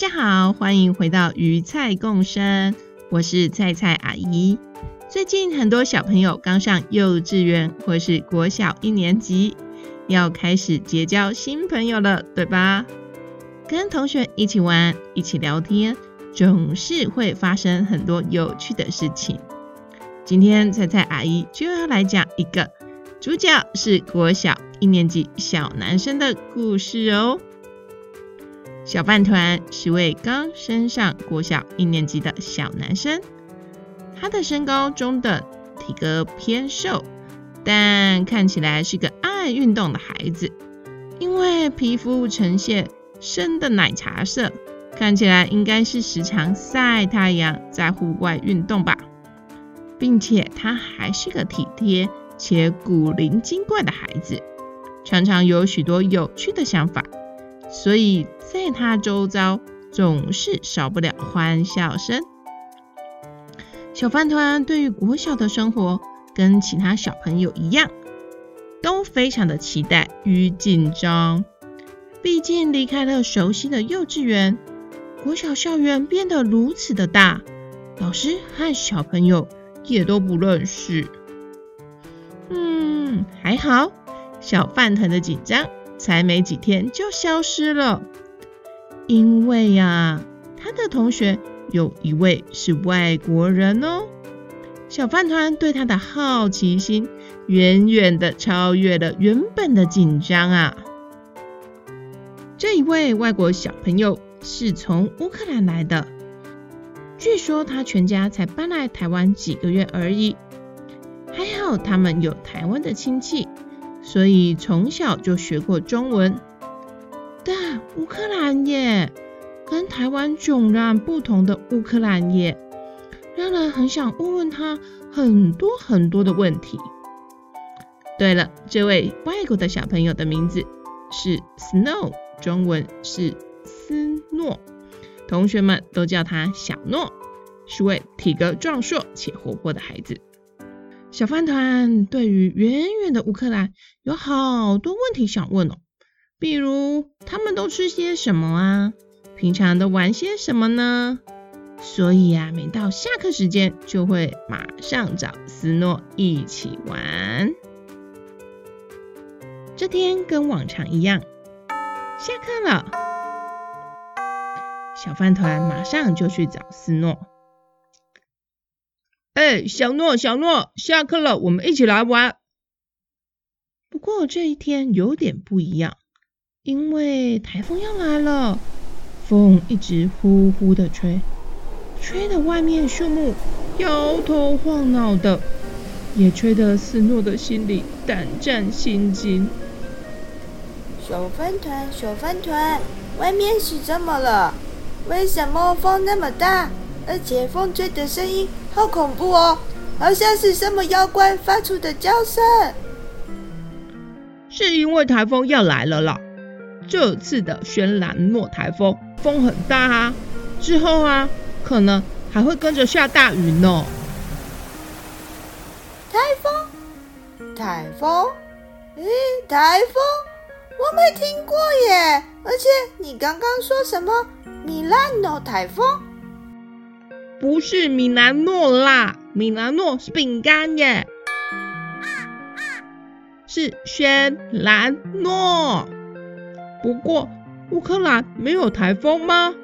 大家好，歡迎回到魚菜共聲，我是菜菜阿姨。最近很多小朋友剛上幼稚園或是國小一年級，要開始結交新朋友了，對吧？跟同學一起玩、一起聊天，總是會發生很多有趣的事情。今天菜菜阿姨就要來講一個主角是國小一年級小男生的故事哦。小飯糰是位剛升上國小一年級的小男生，他的身高中等，體格偏瘦，但看起來是個愛運動的孩子。因為皮膚呈現深的奶茶色，看起來應該是時常曬太陽，在戶外運動吧。並且他還是個體貼且古靈精怪的孩子，常常有許多有趣的想法。所以，在他周遭總是少不了歡笑聲。小飯糰對於國小的生活，跟其他小朋友一樣，都非常的期待與緊張。畢竟離開了熟悉的幼稚園，國小校園變得如此的大，老師和小朋友也都不認識。嗯，還好，小飯糰的緊張。才沒幾天就消失了，因為呀、啊，他的同學有一位是外國人哦。小飯糰對他的好奇心遠遠的超越了原本的緊張啊。這一位外國小朋友是從烏克蘭來的，據說他全家才搬來台灣幾個月而已，還好他們有台灣的親戚。所以從小就學過中文，但烏克蘭耶，跟台灣迥然不同的烏克蘭耶，讓人很想問問他很多很多的問題。對了，這位外國的小朋友的名字是 Snow，中文是斯諾，同學們都叫他小諾，是位體格壯碩且活潑的孩子。小飯糰對於遠遠的烏克蘭有好多問題想問哦，比如他們都吃些什麼啊？平常都玩些什麼呢？所以呀，每到下課時間就會馬上找斯諾一起玩。這天跟往常一樣，下課了，小飯糰馬上就去找斯諾。哎，小諾，小諾，下課了，我們一起來玩。不過這一天有點不一樣，因為台風要來了，風一直呼呼的吹，吹得外面樹木搖頭晃腦的，也吹得思諾的心裡膽戰心驚。小飯糰，小飯糰，外面是怎麼了？為什麼風那麼大？而且風吹的聲音好恐怖哦，好像是什麼妖怪發出的叫聲。是因為颱風要來了啦，這次的軒嵐諾颱風，風很大啊，之後啊可能還會跟着下大雨呢。颱風，颱風，咦、欸，颱風，我沒聽過耶。而且你剛剛說什麼，米蘭諾颱風？不是米蘭諾啦，米蘭諾是餅乾耶，啊啊、是軒蘭諾。不過烏克蘭沒有颱風嗎？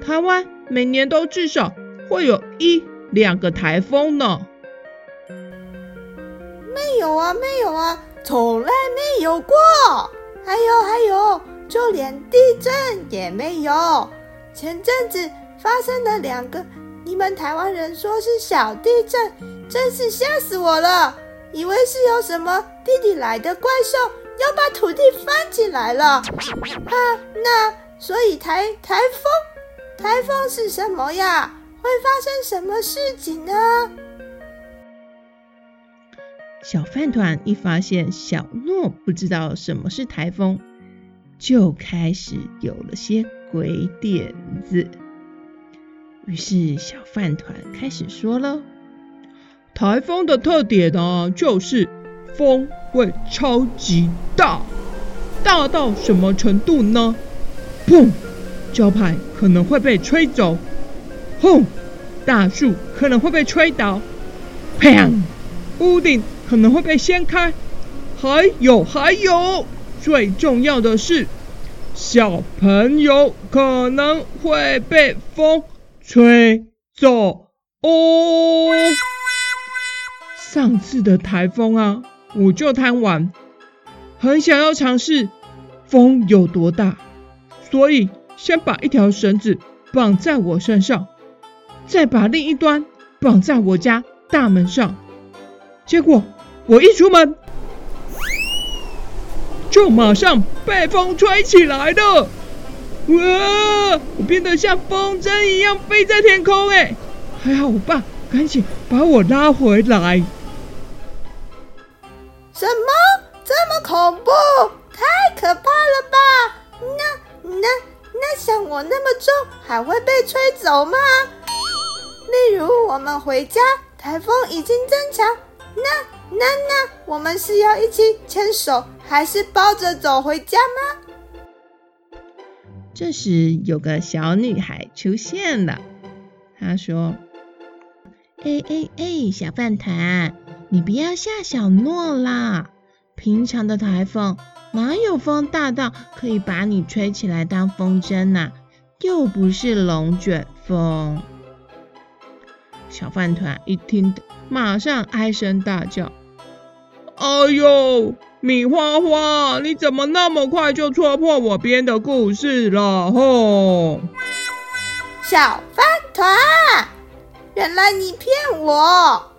台灣每年都至少會有一兩個颱風呢。沒有啊，沒有啊，從來沒有過。還有還有，就連地震也沒有。前陣子發生的兩個。你們台灣人說是小地震，真是嚇死我了！以為是有什麼地底來的怪獸要把土地翻起來了。啊，那所以台颱風，颱風是什麼呀？會發生什麼事情呢？小飯糰一發現小諾不知道什麼是颱風，就開始有了些鬼點子。於是小飯糰開始說了：“颱風的特點呢，就是風會超級大，大到什麼程度呢？砰，招牌可能會被吹走；砰！大樹可能會被吹倒；砰，屋頂可能會被掀開。還有還有，最重要的是，小朋友可能會被風。”吹走哦！上次的颱風啊，我就貪玩，很想要嘗試風有多大，所以先把一條繩子綁在我身上，再把另一端綁在我家大門上。結果我一出門，就馬上被風吹起來了！哇！我變得像風箏一樣飛在天空，哎呀，還好我爸趕緊把我拉回來。什麼？這麼恐怖？太可怕了吧？那那那像我那麼重還會被吹走嗎？例如我們回家，颱風已經增強，那那那我們是要一起牽手還是抱着走回家嗎？這時有個小女孩出現了，她說：“哎哎哎，小飯糰，你不要嚇小諾啦！平常的台風哪有風大到可以把你吹起來當風箏啊？又不是龍捲風。”小飯糰一聽，馬上唉聲大叫：“哎呦！”米花花，你怎麼那麼快就戳破我編的故事了？吼！小飯糰，原來你騙我！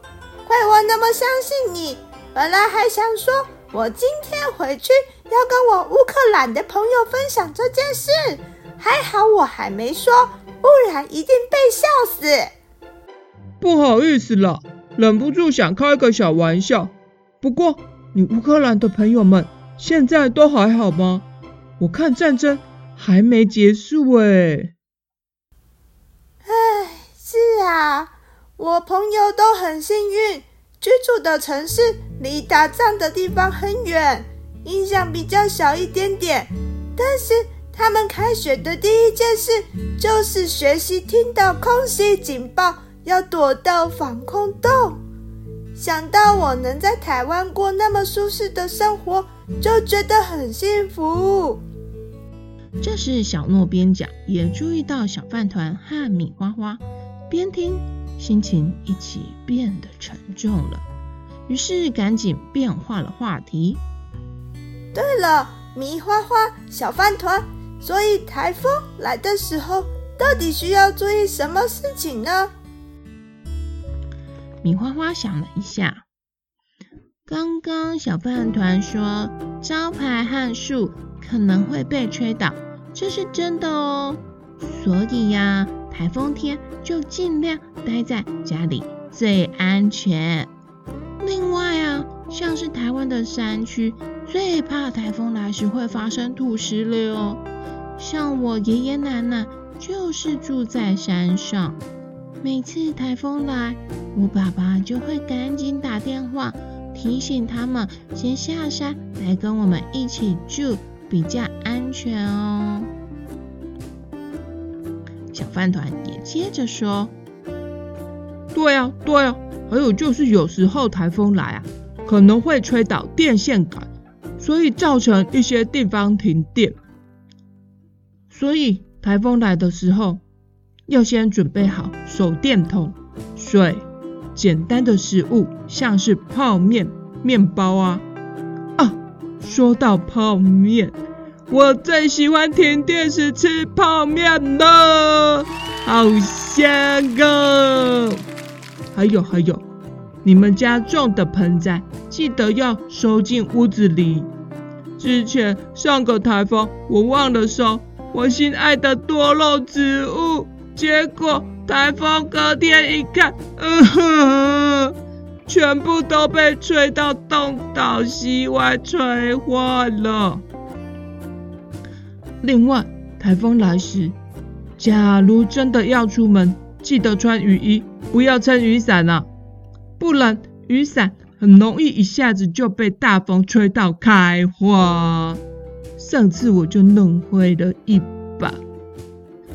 怪我那麼相信你，本來還想說我今天回去要跟我烏克蘭的朋友分享這件事，還好我還沒說，不然一定被笑死。不好意思了，忍不住想開個小玩笑，不過，你烏克蘭的朋友們現在都還好嗎？我看戰爭還沒結束哎。哎，是啊，我朋友都很幸運，居住的城市離打仗的地方很遠，影響比較小一點點。但是他們開學的第一件事就是學習，聽到空襲警報要躲到防空洞。想到我能在台灣過那麼舒適的生活，就覺得很幸福。這時，小諾邊講也注意到小飯糰和米花花邊聽，心情一起變得沉重了。於是，趕緊變化了話題。對了，米花花、小飯糰，所以颱風來的時候，到底需要注意什麼事情呢？米花花想了一下，剛剛小飯糰說，招牌和樹可能會被吹倒，這是真的哦。所以呀、啊，颱風天就盡量待在家裡最安全。另外啊，像是台灣的山區最怕颱風來時會發生土石流哦，像我爺爺奶奶就是住在山上。每次颱風來，我爸爸就會趕緊打電話提醒他們先下山來跟我們一起住，比較安全哦。小飯糰也接着說：“對啊，對啊，還有就是有時候颱風來啊，可能會吹倒電線桿，所以造成一些地方停電。所以颱風來的時候。”要先準備好手電筒、水、簡單的食物，像是泡麵、麵包啊。啊，說到泡麵，我最喜歡停電時吃泡麵了，好香哦！啊！還有還有，你們家種的盆栽記得要收進屋子裡。之前上個台風，我忘了收我心愛的多肉植物。結果颱風隔天一看，嗯、呃、哼呵呵，全部都被吹到東倒西歪，吹壞了。另外，颱風來時，假如真的要出門，記得穿雨衣，不要撐雨傘啊，不然雨傘很容易一下子就被大風吹到開花。上次我就弄壞了一把。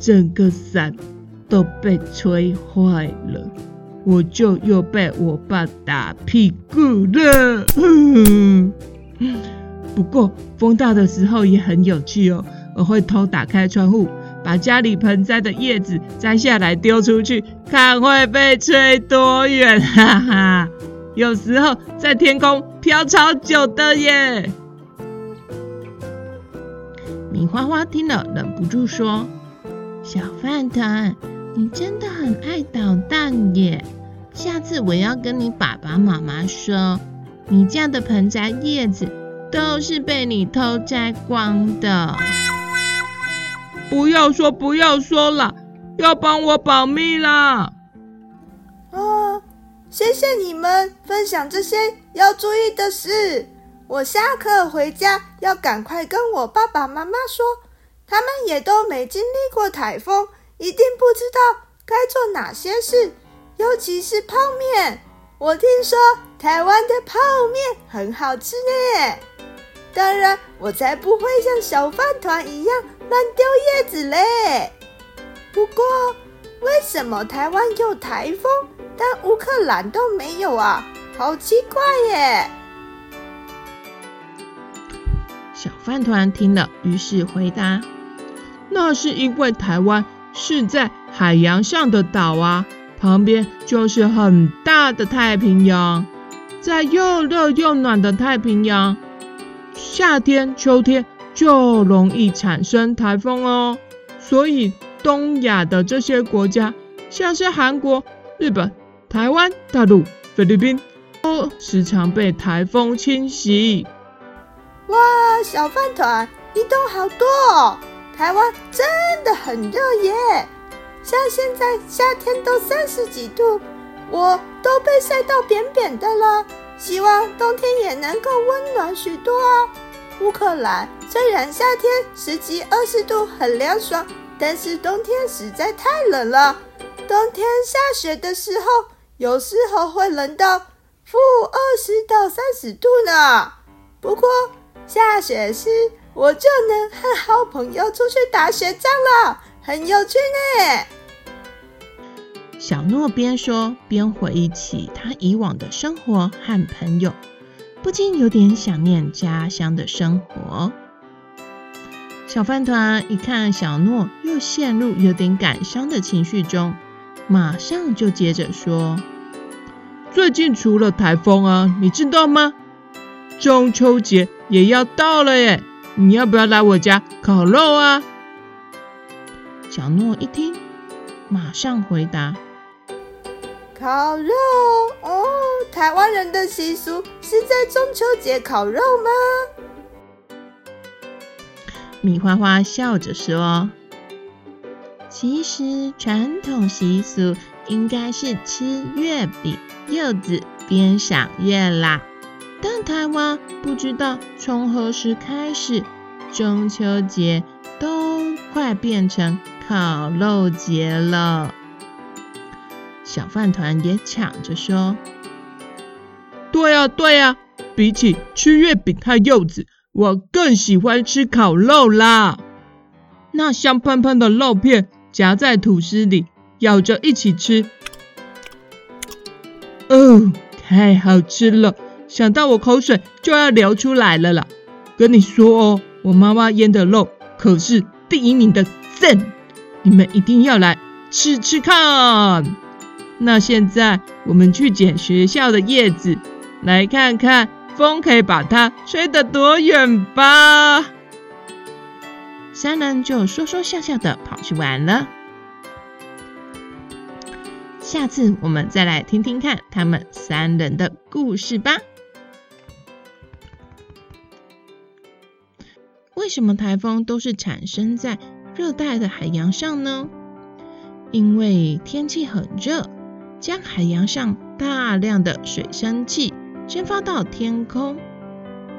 整個傘都被吹壞了，我就又被我爸打屁股了。 不過風大的時候也很有趣哦，我會偷打開窗戶，把家裡盆栽的葉子摘下來丟出去，看會被吹多遠啊。哈哈，有時候在天空飄超久的耶。米花花聽了忍不住說。小飯糰，你真的很愛搗蛋耶！下次我要跟你爸爸媽媽說，你家的盆栽葉子都是被你偷摘光的。不要說，不要說了，要幫我保密啦！哦，謝謝你們分享這些要注意的事，我下課回家要趕快跟我爸爸媽媽說。他們也都沒經歷過颱風，一定不知道該做哪些事。尤其是泡麵，我聽說台灣的泡麵很好吃呢。當然，我才不會像小飯糰一樣亂丟葉子嘞。不過，為什麼台灣有颱風，但烏克蘭都沒有啊？好奇怪耶！小飯糰聽了，於是回答。那是因為台灣是在海洋上的島啊，旁邊就是很大的太平洋，在又熱又暖的太平洋，夏天、秋天就容易產生颱風哦。所以東亞的這些國家，像是韓國、日本、台灣、大陸、菲律賓，都時常被颱風侵襲。哇，小飯糰啊，一桶好多哦。台灣真的很熱耶，像現在夏天都三十幾度，我都被曬到扁扁的了。希望冬天也能夠溫暖許多啊。烏克蘭雖然夏天十幾二十度很涼爽，但是冬天實在太冷了。冬天下雪的時候，有時候會冷到負二十到三十度呢。不過下雪是，我就能和好朋友出去打雪仗了，很有趣呢、欸。小諾邊說邊回憶起他以往的生活和朋友，不禁有點想念家鄉的生活。小飯糰一看小諾又陷入有點感傷的情緒中，馬上就接着說：“最近除了颱風啊，你知道嗎？中秋節也要到了耶！”你要不要來我家烤肉啊？小諾一聽，馬上回答：“烤肉哦，台灣人的習俗是在中秋節烤肉嗎？”米花花笑着說：“其實傳統習俗應該是吃月餅、柚子邊賞，邊賞月啦。”但台灣不知道從何時開始，中秋節都快變成烤肉節了。小飯糰也搶着說：“對呀、啊、對呀、啊，比起吃月餅、和柚子，我更喜歡吃烤肉啦！那香噴噴的肉片夾在吐司裡，咬着一起吃，哦、呃，太好吃了！”想到我口水就要流出來了啦。跟你說哦，我媽媽醃的肉可是第一名的讚，你們一定要來吃吃看。那現在我們去撿學校的葉子，來看看風可以把它吹得多遠吧。三人就說說笑笑的跑去玩了。下次我們再來聽聽看他們三人的故事吧。為什麼颱風都是產生在熱帶的海洋上呢？因為天氣很熱，將海洋上大量的水蒸氣蒸發到天空，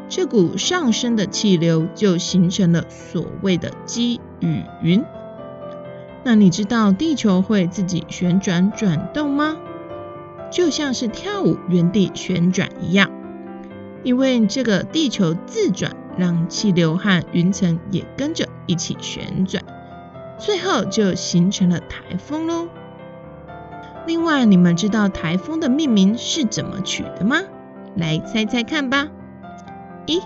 這股上升的氣流就形成了所謂的積雨雲。那你知道地球會自己旋轉轉動嗎？就像是跳舞原地旋轉一樣，因為這個地球自轉。讓氣流和雲層也跟着一起旋轉，最後就形成了颱風嘍。另外，你們知道颱風的命名是怎麼取的嗎？來猜猜看吧。一，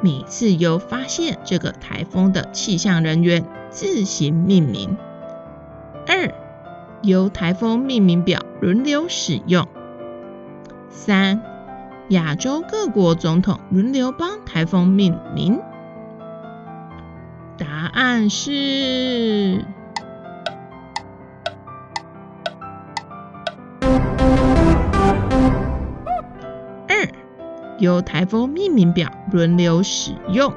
每次由發現這個颱風的氣象人員自行命名。二，由颱風命名表輪流使用。三。亞洲各國總統輪流幫颱風命名。答案是二，由颱風命名表輪流使用。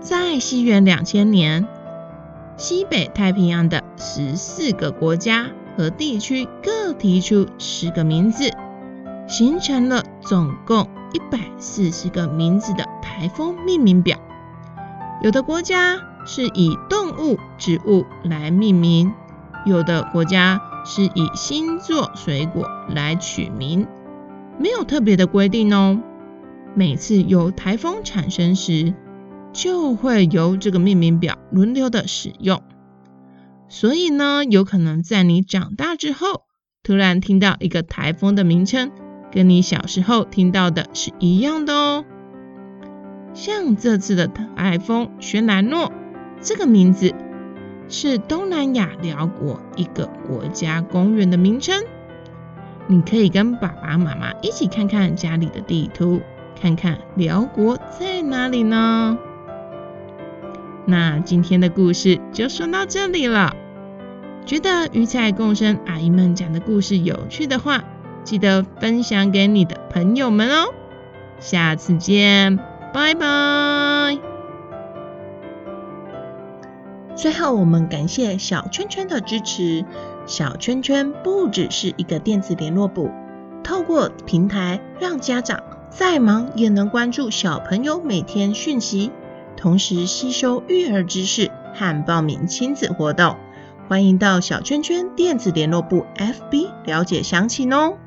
在西元兩千年，西北太平洋的十四個國家和地區各。提出十個名字，形成了總共一百四十個名字的颱風命名表。有的國家是以動物、植物來命名，有的國家是以星座、水果來取名，沒有特別的規定哦。每次有颱風產生時，就會由這個命名表輪流的使用。所以呢，有可能在你長大之後。突然聽到一個颱風的名稱，跟你小時候聽到的是一樣的哦。像這次的颱風“軒嵐諾”這個名字，是東南亞寮國一個國家公園的名稱。你可以跟爸爸媽媽一起看看家裡的地圖，看看寮國在哪裡呢？那今天的故事就說到這裡了。覺得魚菜共聲阿姨們講的故事有趣的話，記得分享給你的朋友們哦。下次見，拜拜。最後，我們感謝小圈圈的支持。小圈圈不只是一個電子聯絡簿，透過平台讓家長再忙也能關注小朋友每天訊息，同時吸收育兒知識和報名親子活動。歡迎到小圈圈電子聯絡簿 FB 了解詳情哦。